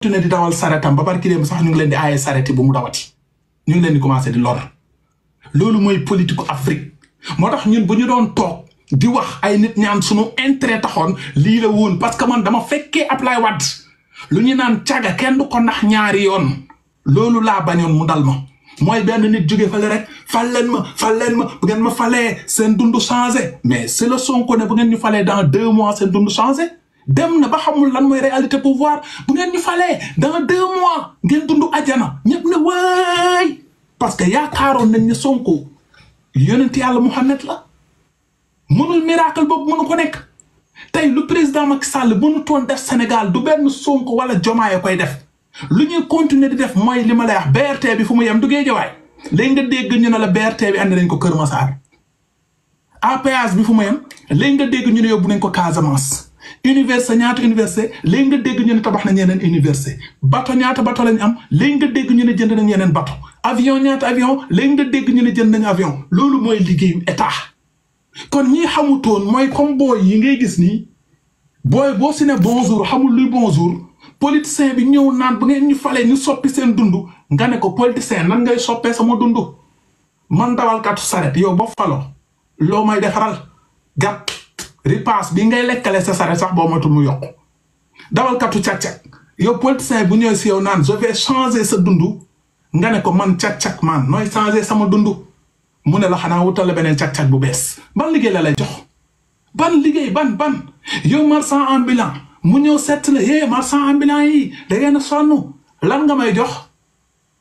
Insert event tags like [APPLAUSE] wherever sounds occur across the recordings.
continuer di dawal saretam ba barki dem sax ñu ngi leen di aaye sareti bu mu dawati ñu ngi leen di commencé di lor loolu mooy politique Afrique moo tax ñun bu ñu doon toog di wax ay nit ñaan sunu intérêt taxoon lii la woon parce que man dama fekkee Ablaye Wade lu ñu naan caga kenn du kon nax ñaari yoon loolu laa bañoon mu dal ma mooy benn nit jóge fale rek fal leen ma fal leen ma bu ngeen ma falee seen dund changé mais c'est le Sonko ne bu ngeen ñu falee dans deux mois seen dundu changé dem na ba xamul lan mooy réalité pouvoir bu ngeen ñu falee dans deux mois ngeen dund ajana ñëpp ne waay parce que yaakaaroon nañ ne Sonko yonent yàlla Muhammad la mënul miracle boobu mënu ko nekk tey lu président sàll bu mënu toon def Sénégal du benn Sonko wala Jomaay koy def lu ñuy continuer di def mooy li ma lay wax bi fu mu yem du Géejawaay léegi nga dégg ñu na la BRT bi andi nañ ko Kër Massar APS bi fu mu yem léegi nga dégg ñu ne yóbbu nañ ko Casamance. université ñaata université léegi nga dégg ñu ne tabax nañ yeneen université bato ñaata bato lañ am léegi nga dégg ñu ne jënd nañ yeneen bato avion ñaata avion léegi nga dégg ñu ne jënd na avion loolu mooy liggéeyu état kon ñi xamutoon mooy comme booy yi ngay gis nii booy boo si ne bonjour xamul luy bonjour politicien bi ñëw naan bu ngeen ñu falee ñu soppi seen dund nga ne ko politicien nan ngay soppee sama dund man dawalkatu saret yow ba falo loo may defaral gàtt ripaas bi ngay lekkale sa sare sax boo matu mu yokk dawalkatu càq-càq yow politicien bu ñëw siyow yow naan je vais changer sa dundu nga ne ko man càq-càq man nooy changer sama dundu mu ne la xanaa wutal la beneen càq-càq bu bees ban liggéey la lay jox ban liggéey ban ban yow marchand ambulant mu ñëw sett la yee marchand ambulant yi da ngeen a sonn lan nga may jox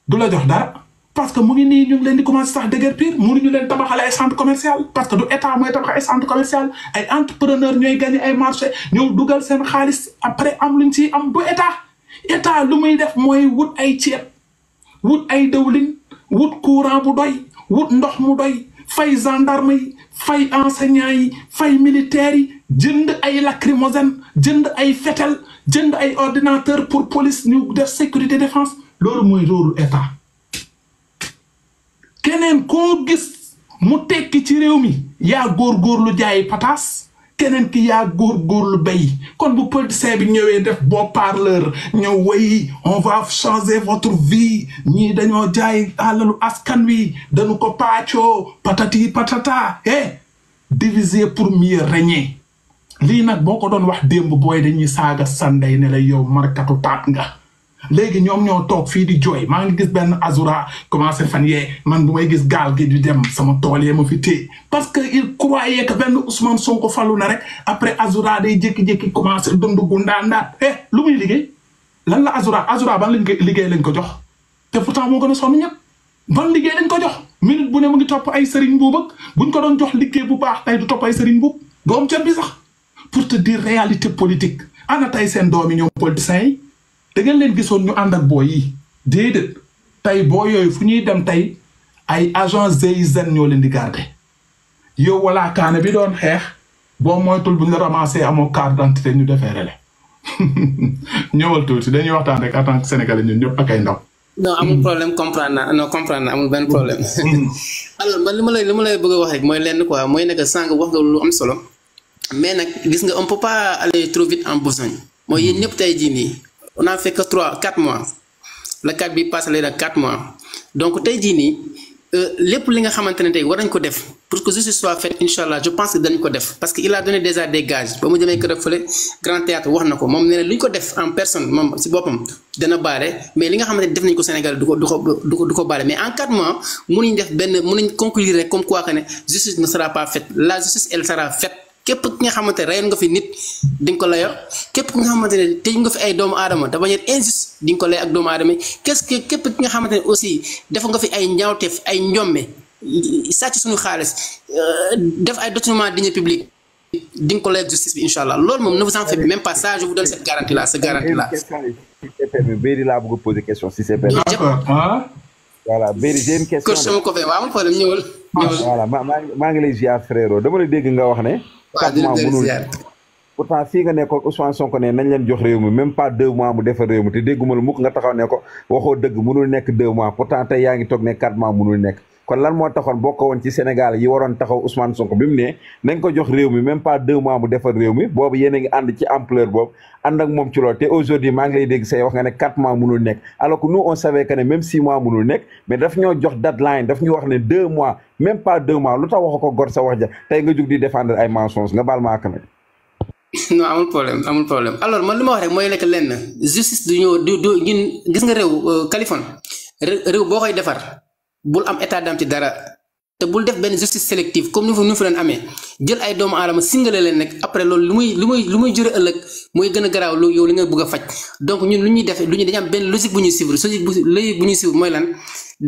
du la jox dara parce que mu ngi nii ñu ngi leen di commencé sax déguerpir mënuñu leen tabaxal ay centre commercial parce que du état mooy tabax ay centre commercial ay entrepreneur ñooy gagné ay marché ñëw dugal seen xaalis après am lu luñ ci am du état état lu muy def mooy wut ay ceeb wut ay dëwlin wut courant bu doy wut ndox mu doy fay gendarme yi fay enseignant yi fay militaires yi jënd ay lacrymogène jënd ay fetel jënd ay ordinateur pour police ñu def sécurité défense loolu mooy rôle état keneen koo gis mu tekki ci réew mi yaa góorgóorlu jaayi pataas keneen ki yaa góorgóorlu bay kon bu politicien bi ñëwee def beau parleur ñëw way on va changer votre vie ñii dañoo jaay alalu askan wi dañu ko paacoo patati patata eh diviser pour mieux régner lii nag boo ko doon wax démb booy dañuy saaga sanday ne la yow markatu taat nga léegi ñoom ñoo toog fii di jooy maa ngi gis benn azura commencé fan yee man bu may gis gaal gi di dem sama tool yee ma fi téye parce que il croyait que benn Ousmane Sonko falu na rek après azura day jékki-jékki commencé dund gu ndaandaat eh lu muy liggéey lan la azura azura ban lañ ko liggéey lañ ko jox te pourtant moo gën a sonn ñëpp ban liggéey lañ ko jox minute bu ne mu ngi topp ay sëriñ buub ak buñ ko doon jox liggéey bu baax tey du topp ay sëriñ buub doom cër bi sax pour te dire réalité politique ana tey seen doomi ñoom politiciens yi da ngeen leen gisoon ñu ànd ak booy déedéet tey boo yooyu fu ñuy dem tey ay agent GIGN ñoo leen di garder yow wala kaane bi doon xeex boo moytul bu ñu la ramassé amoo carte d'identité ñu defee rele [LAUGHS] ñëwal tuuti dañuy waxtaan rek en tant que sénégalais ñun ñëpp ak ay ndaw. non amul problème comprendre naa non comprendre naa amul benn problème. [LAUGHS] alors man li ma lay ma lay bëgg a wax rek mooy lenn quoi mooy nekk sànq wax nga lu am solo. mais nag gis nga on peut pas aller trop vite ñëpp tey jii nii. on a fait trois quatre mois le quatre bi passé lay nag quatre mois donc tey jii nii euh, lépp li nga xamante ne tey war nañ ko def pour que justice soit faite incha allah je pense que dañ ko def parce que il a donné déjà des gages ba mu demee kër fële grand théâtre wax na ko moom nee lu ñu ko def en personne moom si boppam dana baale mais li nga xamante ne def nañ ko Sénégal du ko du ko du ko du ko baale mais en quatre mois mënuñ def benn mënuñ conclure rek képp ki nga xamante ne reyal nga fi nit di ko layoo képp ki nga xamante ne tëj nga fi ay doomu aadama de manière injuste di nga ko lay ak doomu aadama yi képp ki nga xamante ne aussi def nga fi ay ñaawteef ay njombe sàcc suñu xaalis euh, def ay détournement di nga ko lay ak justice bi incha allah loolu moom ne vous en faites même pas ça je vous a question ah? ko fee waaw problème ñëwal. ñëwal maa ngi lay ziar frérot dama la dégg nga wax ne. quatre mois mënul pourtant fii nga nekkoon Sonko ne nañ leen jox réew mi même pas deux mois mu defar réew mi te dégguma la mukk nga taxaw ne ko waxoo dëgg mënul nekk deux mois pourtant tey yaa ngi toog ne quatre mois mënul nekk kon lan moo taxoon bokk woon ci Sénégal yi waroon taxaw Ousmane Sonko bi mu ne nañ ko jox réew mi même pas deux mois mu defar réew mi boobu yéen a ngi ànd ci ampleur boobu ànd ak moom ci dégg say wax nga ne quatre mois mënul nekk alors que nous on nekk mais daf ñoo jox wax ne deux mois même pas deux wax ko gor sa nga jug di défendre ay mensonges nga baal ma ak nag [LAUGHS] non amul man li ma wax rek mooy nekk lenn justice du ñoo du du gis nga réew euh, Californie réew boo koy defar bul am état d'âme ci dara te bul def benn justice sélective comme ni mu fi doon amee jël ay doomu aadama singale leen nag après loolu lu muy lu muy lu muy jure ëllëg mooy gën a garaaw lu yow li nga bëgg faj donc ñun lu ñuy def lu ñu dañu am benn logique bu ñuy suivre logique bu logique bu ñuy suivre mooy lan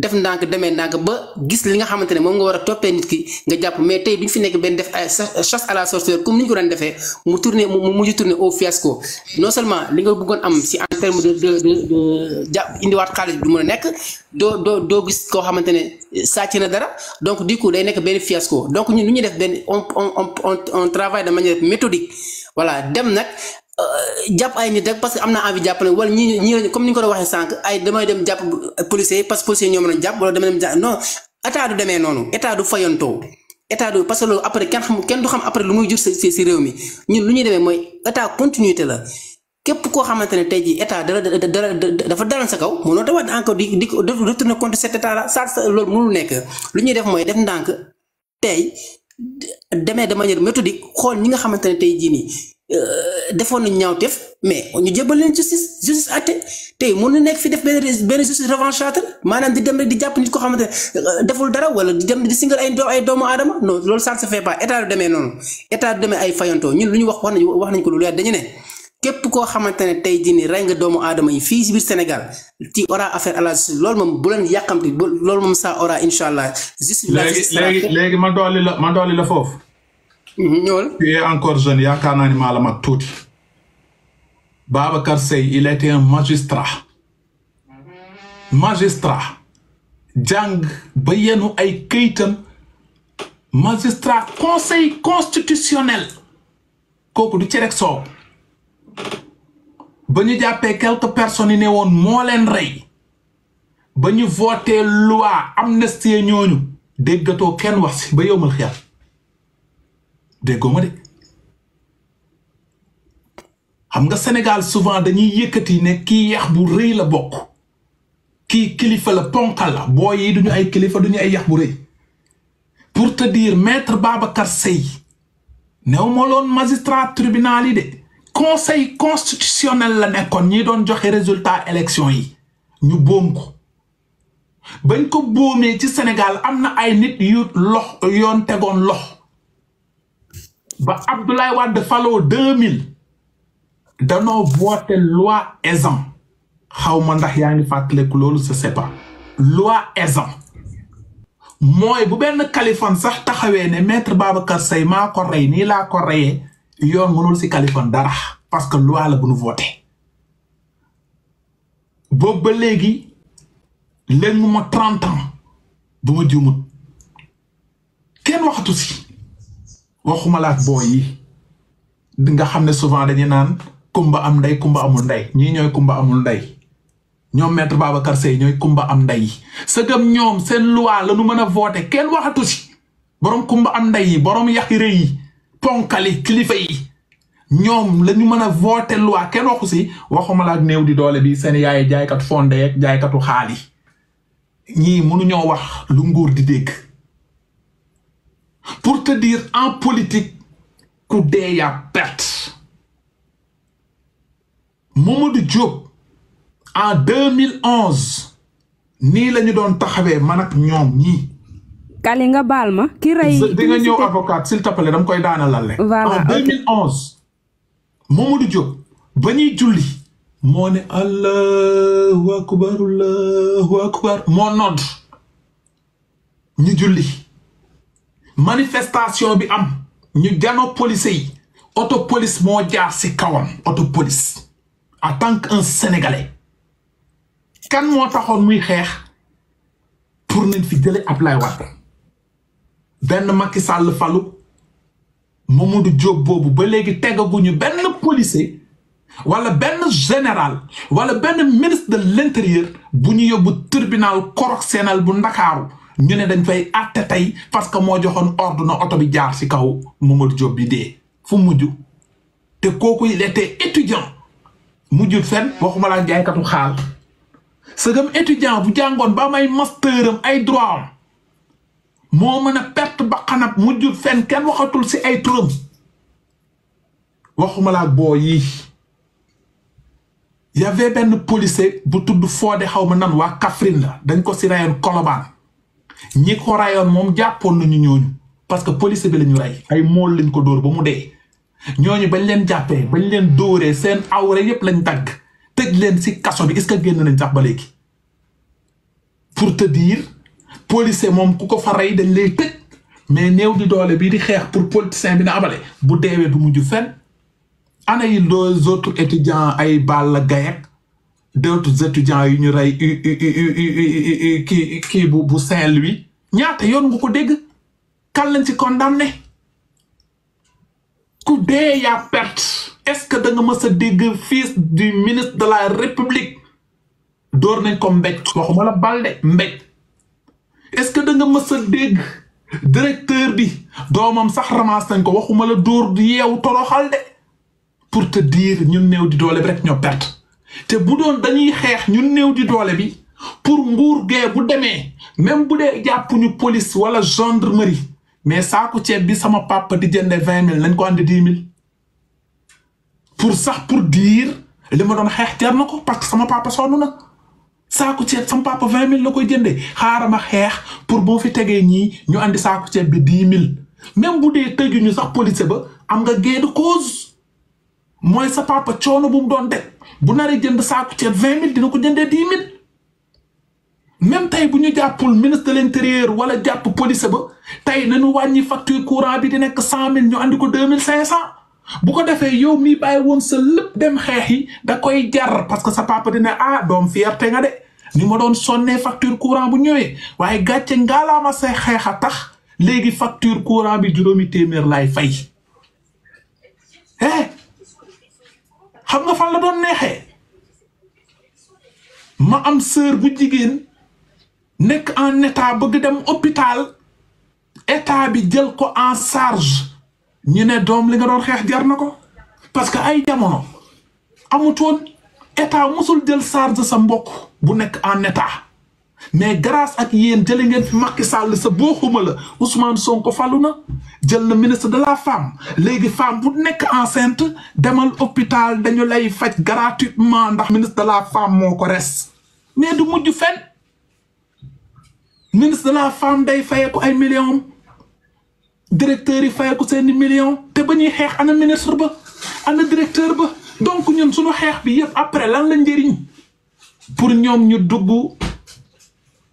def ndànk demee ndànk ba gis li nga xamante ne moom nga war a toppee nit ki nga jàpp mais tey duñ fi nekk benn def ay chasse à la sorcière comme ni ñu ko daan defee mu tourné mu mujj tourné au li nga bëggoon am si en terme de de de ja a nekk. doo doo doo gis koo xamante ne sàcc na dara donc di coup day nekk benn fiasco donc ñun lu ñuy def benn on on on on travaille de manière méthodique voilà dem nag euh, jàpp ay nit rek parce que am naa envie jàpp ne wala ni ñu ko waxee sànq ay damay dem jàpp policier parce que policier a jàpp wala damay dem jàpp non état du demee noonu état du fayantoo. état du parce que loolu après kenn xam kenn du xam après lu muy jur si si réew mi ñun lu ñuy demee mooy état continuité la. képp koo xamante ne tey jii état dara dara dafa daral sa kaw mënoo demaat encore di di ko retourner contre cet état là nekk lu ñuy def mooy def ndànk tey demee de manière méthodique xool ñi nga xamante ne tey jii nii euh, defoon nañu ñaawteef mais ñu jébbal leen justice justice àtte tey mënu nekk fi def benn benn justice revanchâtre maanaam di dem rek di jàpp nit ko xamante ne euh, deful dara wala di dem di singal ay ay doomu aadama non loolu ça ne se état du demee noonu état du demee ay fayantoo ñun lu ñu wax wax nañu ko lu leer dañu ne. képp koo xamante ne tey jii nii rey nga doomu aadama yi fii si biir Sénégal ci aura affaire à la justice loolu moom bu yàqamti loolu moom saa aura incha allah. justice léegi léegi léegi ma dolli la ma dolli la foofu. Mhm, ñëwal. tu encore jeune yaakaar naa ni tuuti. Babacar Seye il était un magistrat. magistrat. jàng ba yenu ay këyitam. magistrat conseil constitutionnel. kooku du cere soow. ba ñu jàppee quelques personnes yi ne woon moo leen rey ba ñu voté loi amnistie ñooñu déggatoo kenn wax si ba yowmal xiyam déggoo ma de xam nga Sénégal souvent dañuy yëkkati ne kii yax bu rëy la bokk kii kilifa la ponkal la boo yi duñu ay kilifa duñu ay yax bu rëy pour te dire maître Babacar Seye néew ma loon magistrat tribunal yi de conseil constitutionnel la nekkoon ñi doon joxe résultat élection yi ñu boom ko bañ ko boomee ci Sénégal am na ay nit yu lox yoon tegoon lox ba Abdoulaye Wade faloo 2000 danoo voté loi Ezzan xaw ndax yaa ngi fàttaliku loolu je sais pas loi Ezzan mooy bu benn Kaliphone sax taxawee ne maître Babacar Seye maa ko rey nii laa ko reyee yoon mënul si Kaliphone dara parce que loi la bu nu voté boobu ba léegi leen mu ma trente ans bu ma kenn waxatu si waxuma laak boo yi nga xam ne souvent dañuy naan kumba am ndey kumba amul ndey ñii ñooy kumba amul ndey ñoom maître Babacar Seye ñooy kumba am ndey sëgam ñoom seen loi la nu mën a voté kenn waxatu si borom kumba am ndey yi borom yàq yi ponkali kilifa yi ñoom lañu ñu mën a voter loi kenn waxu si waxuma la ak néew di doole bi seen yaay jaaykat fonde jaaykatu xaal yi ñii mënuñoo wax lu nguur di dégg pour te dire en politique ku dee yaa perte Mamadou Diop en 2011 nii la doon taxawee ma ak ñoom ñii. Kali nga baal ma. ki rey di nga ñëw avocat s'il te plaît dama koy daana rek. voilà en 2011. Mamadou Diop ba ñuy julli. moo ne allahu akbar allahu moo nodd ñu julli manifestation bi am ñu janoo police yi auto moo jaar si kawam auto police en tant qu'un kan moo taxoon muy xeex pour nañ fi jële Ablaye Wade benn Macky Sall falu Mamadou Diop boobu ba léegi tegaguñu benn policier wala benn général wala benn ministre de l'intérieur bu ñu yóbbu tribunal correctionnel bu Ndakaaru ñu ne dañ fay atte tey parce que moo joxoon orduna na oto bi jaar ci kaw Mamadou Diop bi dee fu mujj te kooku il était étudiant mujjul fenn waxuma laa jaaykatu xaal sëgam étudiant bu jàngoon ba may master ay droit am moo mën a perte bakkanam mujjul fenn kenn waxatul si ay turam waxuma laa boo yi y benn policier bu tudd Fodé xaw ma nan waa Kaffrine la dañ ko si rayoon Colobane ñi ko rayoon moom jàppoon nañu ñooñu parce que policier bi lañu rey ay mool lañ ko dóor ba mu dee ñooñu bañ leen jàppee bañ leen dóoree seen awre yépp lañ dagg tëj leen si kaso bi est-ce que génn nañ sax ba léegi pour te dire policier moom ku ko fa rey dañ lay tëj mais néew di doole bii di xeex pour politicien bi na abale bu deewee du mujj fenn ana yi deux autres étudiants ay Balla Gaye ak d'autres étudiants yu ñu rey kii kii bu bu Saint-Louis ñaata yoon nga ko dégg kan lañ ci condamné ku dee yaa perte est-ce que da nga mës a dégg fils du ministre de la République door nañ ko mbéj waxuma la balde mbéj est-ce que da nga mës a dégg directeur bi doomam sax ramasse nañ ko waxuma la dóor du yeewu toroxal de pour te dire ñun néew di doole bi rek ñoo perte te bu doon dañuy xeex ñun néew di doole bi pour nguur gee bu demee même bu dee jàppuñu police wala gendarmerie mais saaku ceeb bi sama papa di jënde vingt mille nañ ko àndi dix mille pour sax pour dire li ma doon xeex jar na ko parce que sama papa sonn na. saaku ceeb sam papa vingt mille la koy jëndee xaaral ma xeex pour boo fi tegee ñii ñu andi saaku ceeb bi dix mille même bu dee ñu sax police ba am nga gain de cause mooy sa papa coono bu mu doon def bu naree jënd saaku ceeb vingt mille dina ko jëndee dix mille même tey bu ñu jàppul ministre de l'intérieur wala jàpp police ba tey nañu wàññi facture courant bi di nekk cent mille ñu andi ko deux mille cinq cent bu ko defee yow mi bàyyi woon sa lépp dem xeex yi da koy jar parce que sa papa dina ah doom fierté nga de ni ma doon sonnee facture courant bu ñëwee waaye gàcce ngaalaama say xeex a tax léegi facture courant bi juróomi téeméer laay fay. eh xam nga fa la doon neexee ma am sœur bu jigéen nekk en état bëgg dem hôpital état bi jël ko en charge. ñu ne doom li nga doon xeex jar na ko parce que ay jamono amutoon état musul jël charge sa mbokk bu nekk en état mais grâce ak yéen jëli ngeen fi Macky sàll sa boo xuma la sonk falu na jël na ministre de la femme léegi femme bu nekk cintre demal hôpital dañu lay faj gratuitement ndax ministre de la femme moo ko res mais du mujj fenn ministre de la femme day fayeeku ay millions directeur yi fay ko seeni million te ba ñuy xeex ana ministre ba ana directeur ba donc ñun suñu xeex bi yëpp après lan la njëriñ pour ñoom ñu dugg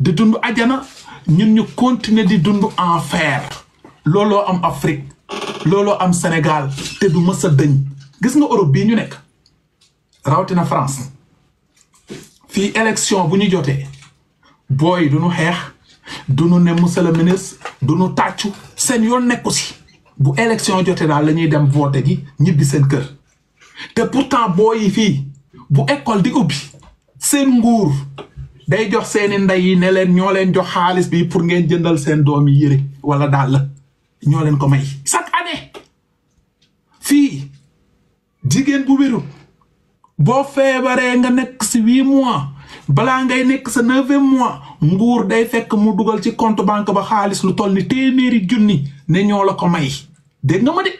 di dund ajana ñun ñu continuer di dund enfer looloo am Afrique looloo am Sénégal te du mës a dëñ gis nga Europe bii ñu nekk rawatina France fii élection bu ñu jotee booy duñu xeex du nu ne monsieur le ministre nu tàccu seen yoon nekku si bu élection jotee daal la ñuy dem voté ji ñibbi seen kër te pourtant booy yi fii bu école di ubbi seen nguur day jox seeni ndey yi ne leen ñoo leen jox xaalis bi pour ngeen jëndal seen doom yi yëre wala daal la ñoo leen ko may chaque année fii jigéen bu wiru boo feebaree nga nekk si huit mois balaa ngay nekk sa neuvième mois nguur day fekk mu dugal ci compte banque ba xaalis lu toll ni téeméeri junni ne ñoo la ko may dégg nga ma de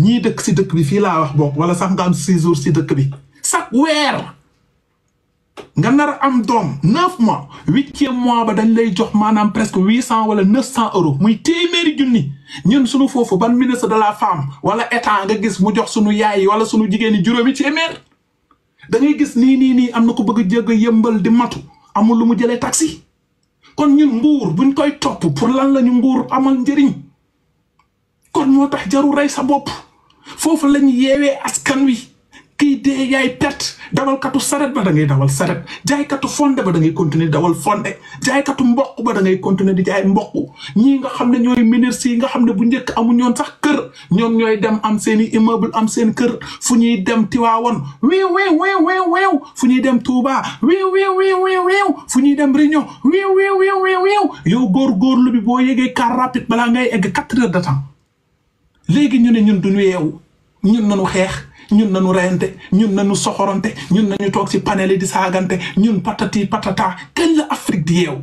ñii dëkk si dëkk bi fii laa wax bokk wala sax nga am si dëkk bi chaque weer nga nar am doom neuf mois huitième mois ba dañ lay jox maanaam presque huit cent wala neuf cent euros muy téeméeri junni ñun suñu foofu ban ministre de la femme wala état nga gis mu jox suñu yaay wala suñu jigéen ñi juróomi téeméer da ngay gis nii nii nii am na ko bëgg a jégg yëmbal di matu amul lu mu jëlee taxi kon ñun nguur buñ koy topp pour lan la ñu nguur amal njëriñ kon moo tax jaru rey sa bopp foofu lañu yeewee askan wi kii dee yaay pet katu saret ba da ngay dawal saret jaaykatu fonde ba da ngay continuer dawal fonde jaaykatu mboq ba da ngay continuer di jaay mboq ñii nga xam ne ñooy ministres yi nga xam ne bu njëkk amu ñoon sax kër ñoom ñooy dem am seen i immeuble am seen kër fu ñuy dem Tiwaawoon wiiw wiiw wiiw wiiw wiiw fu ñuy dem Touba wiiw wiiw wiiw wiiw wiiw fu ñuy dem Réunion wiiw wiiw wiiw wiiw wiiw yow góorgóorlu bi boo yegee car rapide balaa ngay egg quatre heures de temps léegi ñu ne ñun duñu yeewu ñun nañu xeex ñun na nañu reyante ñun na nañu soxorante ñun nañu toog ci panel yi di saagante ñun patati patata kañ la Afrique di yeew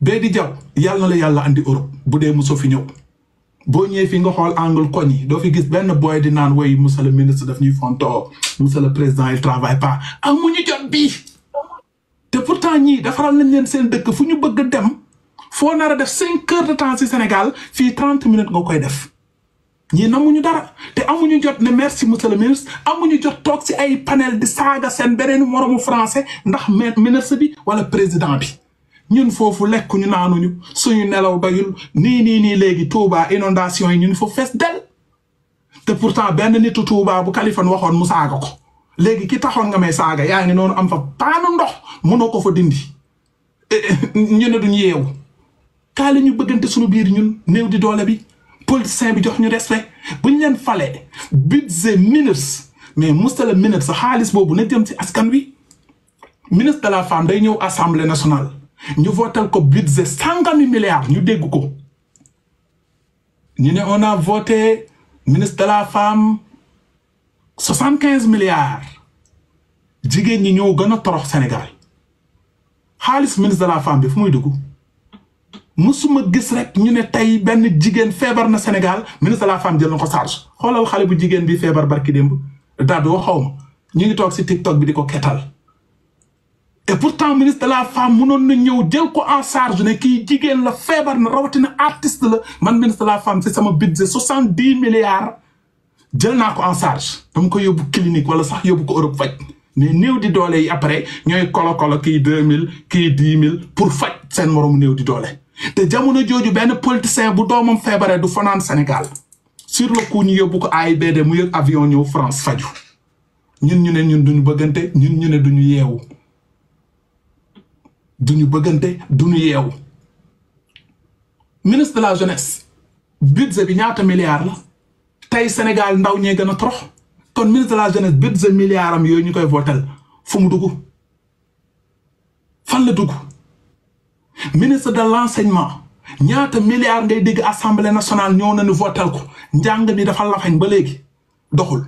bee di jaw yàlla na la yàlla andi Europe bu dee musoo fi ñëw boo ñëwee fi nga xool angle koñ yi doo fi gis benn boy di naan woy monsieur le ministre daf ñuy fontoo monsieur le président il travaille pas amuñu jot bii te pourtant ñii defaral nañ leen seen dëkk fu ñu bëgg dem foo nar def cinq heures de temps ci Sénégal fii trente minutes nga koy def ñii namuñu dara te amuñu jot ne merci monsieur le ministre amuñu jot toog si ay panel di saaga seen beneen moromu français ndax ministre bi wala président bi ñun foofu lekkuñu naanuñu suñu nelaw dayul nii nii nii léegi Touba inondation yi ñun foofu fees del te pourtant benn nitu Touba bu Kaliphone waxoon mu saaga ko léegi ki taxoon nga may saaga yaa ngi noonu am fa paanu ndox mënoo ko fa dindi eh, eh, ñu ne duñ yeewu kaa la ñu bëggante suñu biir ñun néew di doole bi politicien bi jox ñu respect bu ñu leen falee budget ministre mais mustala ministre xaalis boobu na jëm askan wi ministre de la femme day ñëw assemblée nationale ñu votel ko budget sangami milliards ñu dégg ko ñu ne on a voté ministre de la femme soixante quinze milliards jigéen ñi ñëw gën a torox Sénégal xaalis ministre de la femme bi fu muy dugg. mësuma gis rek ñu ne tey benn jigéen feebar na Sénégal ministre de la femme jël na ko charge xale bu jigéen bi feebar barki démb daadu wa xaw ñu ngi toog si TikTok bi di ko kettal et pourtant ministre de la femme mënoon na ñëw jël ko en charge ne kii jigéen la feebar na rawatina artiste la man ministre de la femme si sama budget soixante dix milliards jël naa ko en charge dama ko yóbbu clinique wala sax yóbbu ko Europe faj mais néew di doole yi après ñooy kolo kolo kii deux mille kii dix mille pour faj seen moromu néew di doole. te jamono jooju benn politicien bu doomam feebaree du fanaan senegal sur le coup ñu yóbbu ko AIBD mu yëg avion ñëw France faju ñun ñu ne ñun duñu bëggante ñun ñu ne duñu yeewu duñu bëggante duñu yeewu ministre de la jeunesse budget bi ñaata milliards la tey senegal ndaw ñee gën a torox kon ministre de la jeunesse budget milliard am yooyu ñu koy votel fu mu dugg fan la dugg ministre de l'enseignement ñaata milliards ngay dégg assemblée nationale ñëw na ni votel ko njàng mi dafa lafañ ba léegi doxul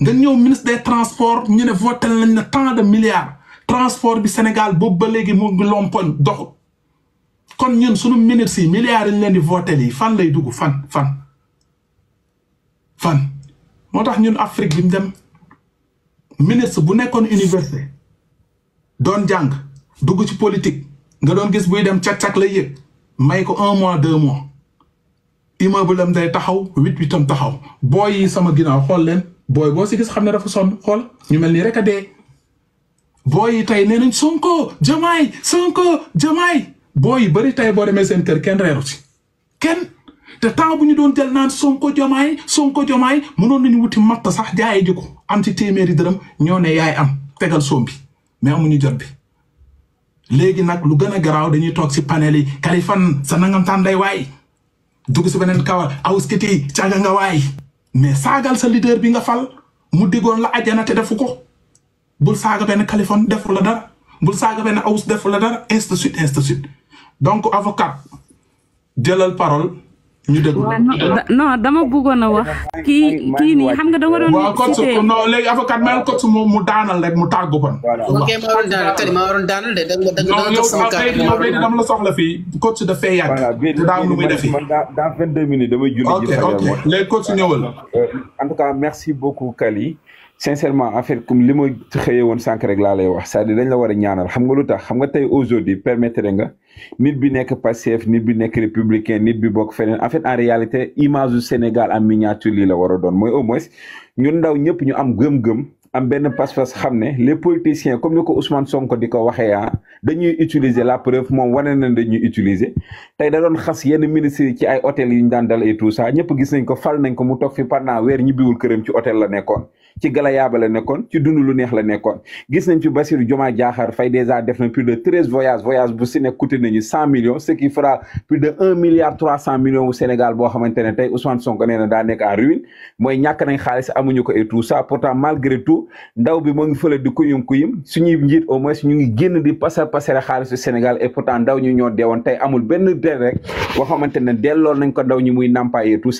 nga ñëw ministre des transports ñu ne votel nañ ne tant de milliards transport bi Sénégal boobu ba léegi mu ngi lompoñ doxul kon ñun sunu ministres yi milliards yi leen di votel yi fan lay dugg fan fan fan moo tax ñun Afrique bi mu dem ministre bu nekkoon université doon jàng dugg ci politique nga doon gis buy dem cag-cag lay yëg may ko un mois de mois immeuble am day taxaw huit huitam taxaw booy sama ginnaaw xool leen booy boo si gis xam ne dafa sonn xool ñu mel nii rek a dee booy yi tey nee nañ Sonko Diomaye Sonko Diomaye booy yi bëri tey boo demee seen kër kenn reeru kenn te temps bu ñu doon jël naan Sonko Diomaye Sonko Diomaye mënoon nañu wuti matt sax jaay ji ko am ci téeméeri dërëm ñoo ne yaay am tegal soom bi mais amuñu jot bi léegi nag lu gën a garaaw dañuy toog si panel yi Kaliphone sa nangam tànday waay dugg si beneen kawar awuskiti caaga nga waay mais saagal sa leader bi nga fal mu diggoon la ajjana te defu ko bul saaga benn Kaliphone defu la dara bul saaga benn awus defu la dara ainsi de donc avocat jëlal parole ñu dégg non dama bëggoon a wax. kii kii nii xam nga da nga doon. waaw kot su non léegi avocat mayal kot su mu daanal rek mu tàggu ko. ok maa waroon daanal Karim de da nga dama soxla fii kot su dafay yàgg. te daa am lu muy defi voilà dans vingt deux minutes damay julli. ok ok léegi kot su ñëwal. Euh, merci beaucoup Kali. sincèrement affaire comme li ma xëye woon sànq rek laa lay wax cest à la war a ñaanal xam nga lu tax xam nga tey aujourd'hui permettre nga nit bi nekk Pastef nit bi nekk républicain nit bi bokk feneen en fait en réalité image du Sénégal en miniature lii la war a doon mooy au moins ñun ndaw ñëpp ñu am gëm-gëm am benn pas-pas xam ne les politiciens comme ni ko Ousmane Sonko di ko waxee ah dañuy utiliser la preuve moom wane nañ dañuy utiliser tey da doon xas yenn ministres yi ci ay hôtel yu ñu daan dal et ñëpp gis nañ ko fal nañ ko mu toog fi pendant weer ñibbiwul këram ci hôtel la nekkoon ci galayaaba la nekkoon ci dund lu neex la nekkoon gis nañ ci Bassirou Diomaye Diakhar Faye déjà def na plus de treize voyage bu si nekk coûté nañu cent millions ce qui fera plus de un milliard trois cent millions wu Sénégal boo xamante ne tey Ousmane Sonko nee na daa nekk en ruine mooy ñàkk xaalis amuñu ko et tout ça pourtant malgré tout ndaw bi moo ngi fële di kuyum kuyum suñuy njiit au moins ñu ngi génn di pasar pasare xaalisu Sénégal et pourtant ndaw ñu ñoo deewoon tey amul benn dee rek boo xamante ne delloon nañ ko ndaw ñi muy nàmpaay et tout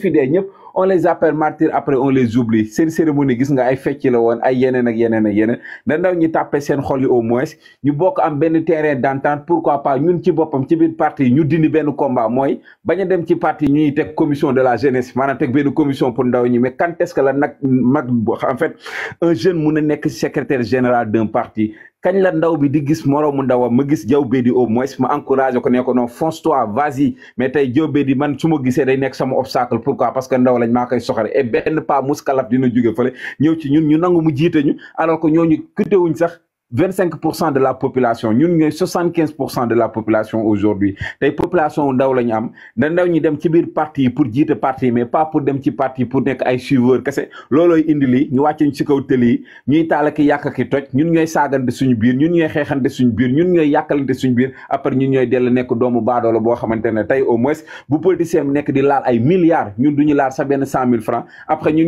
fi dee ñëpp on les appelle martyrs après on les oublie seen cérémonie gis nga ay fecc la woon ay yeneen ak yeneen ak yeneen da ndaw ñi tàppe seen xol yi au moins ñu bokk am benn terrain d'entente pourquoi pas ñun ci boppam ci biir parti ñu dindi benn combat mooy bañ a dem ci parti ñu ñuy teg commission de la jeunesse maanaam teg benn commission pour ndaw ñi mais quand est-ce que la nag mag en fait un jeune mun a nekk secretaire général d'un parti kañ la ndaw bi di gis moroomu ndawam ma gis jaw bee di au moins ma encouragé ko nekko ko non fonce toi vas-y mais tey jaw bee di man gisee day nekk sama obstacle pourquoi parce que ndaw lañ maa koy soxare et benn pas muskalaf dina jóge fële ñëw ci ñun ñu nangu mu jiite ñu alors que ñooñu wuñ sax vingt cinq pour cent de la population ñun ñooy soixante quinze pour cent de la population aujourd'hui tey population ndaw la ñu am ñi dem ci biir parti yi pour jiite parti mais pas pour dem ci parti yi pour nekk ay suiveur kese loolooy indi lii ñu wàcce ci kaw tëli yi ñuy taal ki yàq ki toj ñun ñooy saagante suñu biir ñun ñooy xeexante suñu biir ñun ñooy yàqalante suñu biir après ñun ñooy dellu nekk doomu baadoola boo xamante ne tey au moins bu politicien bi nekk di laal ay milliards ñun duñu laal sa benn cent mille francs ñu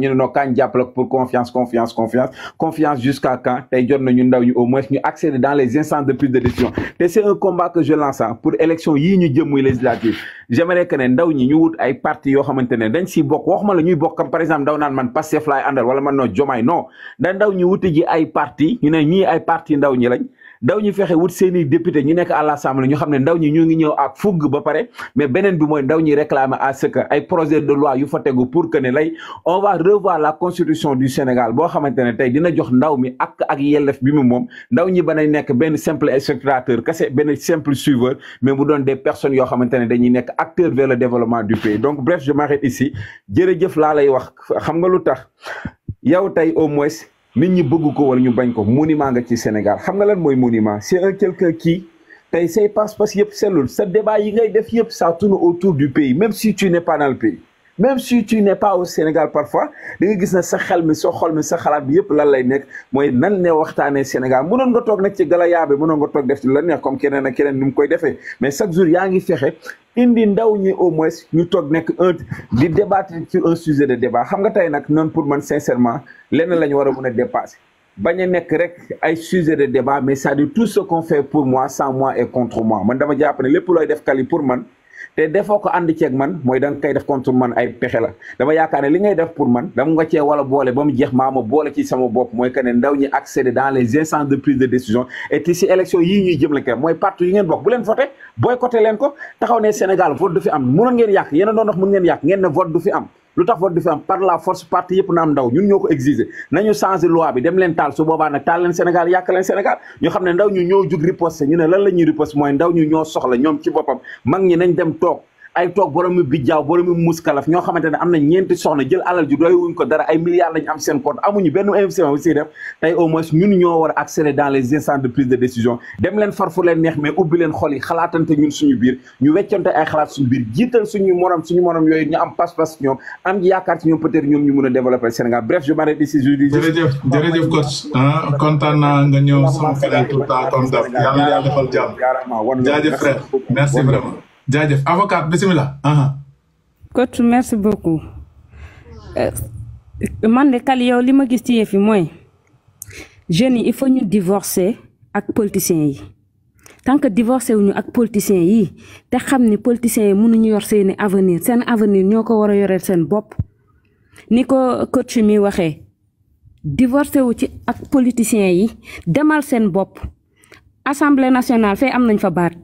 ne noo kaan vigilance jusqu'à quand tey jot na ñu ndaw ñu au moins ñu accéder dans les instances de prise de décision te c'est un combat que je lance pour élection yii ñu jëm muy législative j'aimerais que ne ndaw ñi ñu wut ay parti yoo xamante ne dañ si bokk waxuma la ñuy bokk comme par exemple ndaw naan man Pastef laay àndal wala man non Diomaye non da ndaw ñu wuti ay parti ñu ne ñii ay parti ndaw ñi lañ ndaw ñi fexe wut seen député ñu nekk à l'Assemblée ñu xam ne ndaw ñi ñu ngi ñëw ak fugg ba pare mais beneen bi mooy ndaw ñi réclamer à ce que ay projet de loi yu fa tegu pour que ne lay on va revoir la constitution du Sénégal boo xamante ne tey dina jox ndaw mi ak ak yellef bi mu moom ndaw ñi banañ nekk benn simple spectateur kese benn simple suiveur mais mu doon des personnes yoo xamante ne dañuy nekk acteurs vers le développement du pays donc bref je jërëjëf laa lay wax xam nga lu tax yow tey au moins nit ñi bëgg ko wala ñu bañ ko monument nga ci Sénégal xam nga lan mooy monument c'est un quelqu'un qui tey say passe-passe yëpp sellul sa débat yi ngay def yëpp ça tourne autour du pays même si tu n'es pas dans le pays même si tu n'es pas au Sénégal parfois da gis ne sa xel mi sa xol mi sa xalaat bi yëpp lan lay nekk mooy nan ne waxtaanee Sénégal mënoon nga toog nag ci gala yaabe noon nga toog def ci la neex comme keneen ak keneen nu mu koy defee mais chaque jour yaa ngi fexe indi ndaw ñi au mois ñu toog nekk un di débattre sur un sujet de débat xam nga tey nag noonu pour man sincèrement lenn la ñu war a mën a dépasser bañ a nekk rek ay sujet de débat mais c'est-à-dire tout pour moi sans moi et contre dama jàpp lépp looy def kali pour man te defoo ko ànd ceeg man mooy da nga koy def contre man ay pexe la dama yaakaar ne li ngay def pour man dama nga cee wala boole ba mu jeex maa boole ci sama bopp mooy que ne ndaw ñi accéder dans les instances de prise de décision et ci si élection yii ñuy jëm la kër mooy parti yi ngeen bokk bu leen voté boycotté leen ko taxaw ne Sénégal vote du fi am mënoon ngeen yàq yéen a doon ngeen yàq ngeen ne vote fi am lu tax vote du fi am par la force parti yëpp na am ndaw ñun ñoo ko exiger nañu changer loi bi dem leen taal su boobaa nag taal leen Sénégal yàq leen Sénégal ñu xam ne ndaw ñu ñoo jug riposte ñu ne lan ñu ñuy riposte mooy ndaw ñu ñoo soxla ñoom ci boppam mag ñi nañ dem toog ay toog boroomi bijjaaw boroomi muskalaf ñoo xamante am na ñeenti soxna jël alal ju doy wuñ ko dara ay milliards lañ am seen compte amuñu benn investissement bu siy def tey au moins ñun ñoo a accélérer dans les instants de prise de décision ñu weccante ay xalaat suñu biir jiital suñu morom suñu morom yooyu ñu am pas-pas ñoom am yaakaar ci ñoom peut-être ñoom ñu mën a développer Sénégal bref je m'arrête ici je dis jërëjëf jërëjëf ah, naa nga ñëw sama fidèle daf yàlla yàlla jaajëf avocat bisimilah. coach euh, man de kal li ma gis ci yëf yi mooy jeunes yi il faut ñu divorcer ak politiciens yi tant que divorcé wuñu ak politiciens yi te xam ni politiciens yi mënuñu yor seeni avenir seen avenir ñoo ko war a yoreel seen bopp ni ko coach mi waxee divorcé wu ci ak politicien yi demal seen bopp assemblée nationale fee am nañ fa baat.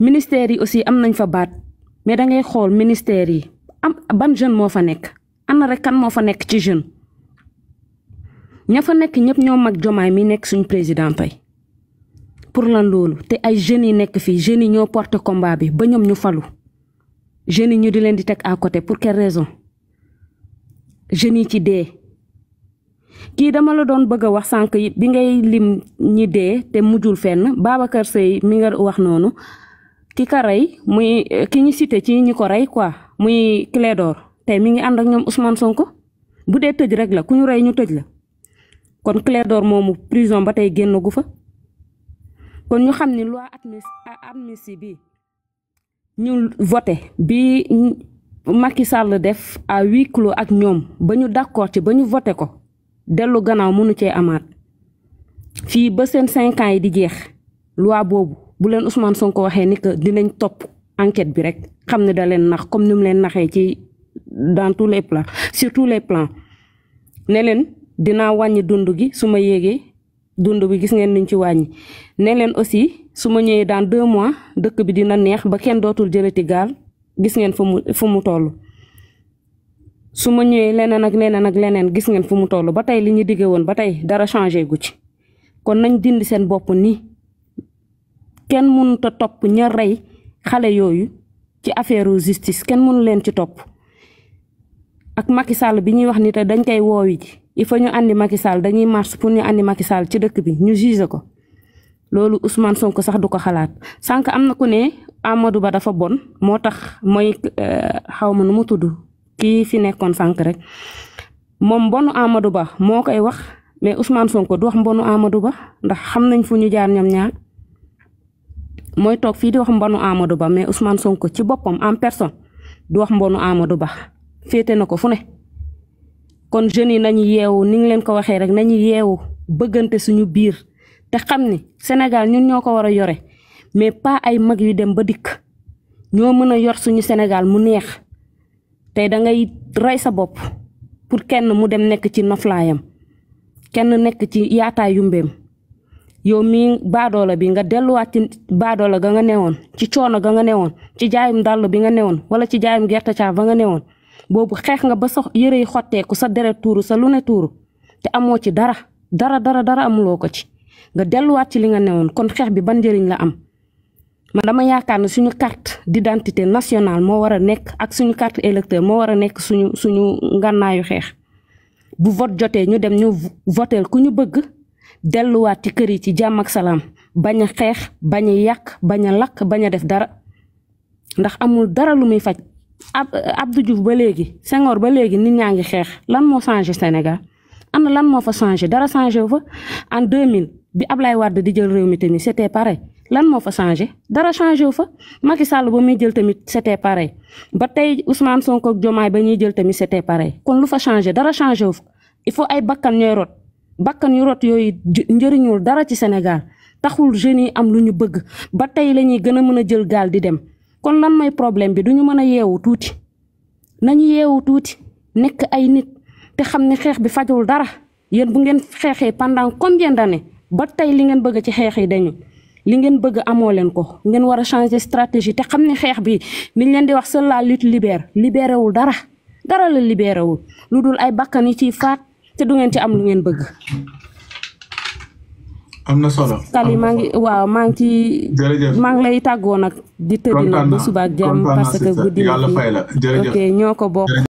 ministère yi aussi am nañ fa baat mais da ngay xool ministère yi am ban jeune moo fa nekk ana rek kan moo fa nekk ci jeune ña fa nekk ñëpp ñoo mag jomaay mi nekk suñ président Faye pour lan loolu te ay jeunes yi nekk fii jeunes yi ñoo porté combat bi ba ñoom ñu falu jeunes yi ñu di leen di teg à côté pour quelle raison jeunes yi ci dee. kii dama la doon bëgg a wax sànq bi ngay lim ñi dee te mujjul fenn Babacar Seye mi nga wax noonu ki ka rey muy eh, ki ñu cité ci ñi ko rey quoi muy Clédor tey mi ngi ànd ak ñoom Ousmane Sonko bu dee tëj rek la ku ñu rey ñu tëj la kon Clédor moomu prison ba tey génn gu fa kon ñu xam ni loi amnistie bi ñu voté bi Macky Sall def à huis clos ak ñoom ba ñu d'accord ci ba ñu voté ko dellu gannaaw mënu cee amaat fii ba seen cinquants yi di jeex loi boobu bu leen Ousmane ko waxee ni que dinañ topp enquête bi rek xam ne da leen nax comme ni mu leen naxee ci dans tout les plans surtout les plans ne leen dinaa wàññi dund gi su ma yéegee dund bi gis ngeen niñ ci wàññi ne leen aussi su ma ñëwee dans deux mois dëkk bi dina neex ba kenn dootul jëlati gaal gis ngeen fu mu fu mu toll su ma ñëwee leneen ak leneen ak leneen gis ngeen fu mu toll ba tey li ñu diggee woon ba tey dara changé gu ci kon nañ dindi seen bopp nii kenn mënut a topp ña rey xale yooyu ci affaire justice kenn mënu leen ci topp ak Macky Sall bi ñuy wax ni te dañ koy woowi ji il faut ñu andi Macky Sall dañuy marche pour ñu andi Macky Sall ci dëkk bi ñu juge ko loolu Ousmane Sonko sax du ko xalaat sànq am na ku ne Amadou Ba dafa bon moo tax mooy euh, xaw ma nu mu tudd kii fi nekkoon sànq rek moom mbonu Amadou Ba moo koy wax mais Ousmane Sonko du wax mbonu Amadou Ba ndax xam nañ fu ñu jaar ñoom ñaar. mooy toog fii di wax mbonu Amadou Ba mais Ousmane ko ci boppam en person di wax mbonu amadu Ba féete na ko fu ne kon jeunes yi nañu yeewu ni ngi leen ko waxee rek nañu yeewu bëggante suñu biir te xam ni Sénégal ñun ñoo ko war a yore mais pas ay mag yu dem ba dikk ñoo mën a yor suñu Sénégal mu neex tey da ngay rey sa bopp pour kenn mu dem nekk ci noflaayam kenn nekk ci yaataa yumbeem yow mi baadoola bi nga delluwaat ci baadoola ga nga newoon ci coono ga nga newoon ci jaayum dàll bi nga newoon wala ci jaayum gerte caaf ba nga newoon boobu xeex nga ba sa yëre yi xotteeku sa deret tuuru sa lu ne tuuru te amoo ci dara dara dara dara amuloo ko ci nga delluwaat ci li nga newoon kon xeex bi ban njëriñ la am. man dama yaakaar ne suñu carte d'identité nationale moo war a nekk ak suñu carte électeur moo war a nekk suñu suñu ngànnaayu xeex bu vote jotee ñu dem ñu votel ku ñu bëgg. delluwaat ci kër yi ci jàmm ak salaam bañ a xeex bañ a yàq bañ a lakk bañ a def dara ndax amul dara lu muy faj ab Abdou Diouf ba léegi Senghor ba léegi nit ñaa ngi xeex lan moo changé Sénégal ana lan moo fa changé dara changé wu fa en 2000 bi Ablaye Wade di jël réew mi tamit c'était pareil lan moo fa changé dara changé wu fa Macky Sall ba muy jël tamit c'était pareil ba tey Ousmane Sonko ak ba ñuy jël tamit c'était pareil kon lu fa changé dara changé wu fa il faut ay bakkan ñooy rot bakkan yu rot yooyu njëriñul dara ci Sénégal taxul jeunes yi am lu ñu bëgg ba tey la ñuy gën a mën a jël gaal di dem kon lan mooy problème bi du ñu mën a yeewu tuuti nañu yeewu tuuti nekk ay nit te xam ne xeex bi fajul dara yéen bu ngeen xeexee pendant combien d'années ba tey li ngeen bëgg ci xeex yi dañu li ngeen bëgg amoo leen ko ngeen war a changer stratégie te xam ni xeex bi liñ leen di wax seule la lutte libère dara dara la libéré lu dul ay bakkan te du ngeen ci am lu ngeen bëgg. am na solo Tali maa ngi waaw maa ngi ci. jërëjëf maa ngi lay tàggoo nag. di tëddi nag bu suba ak parce que guddi yàlla ok ñoo ko bokk.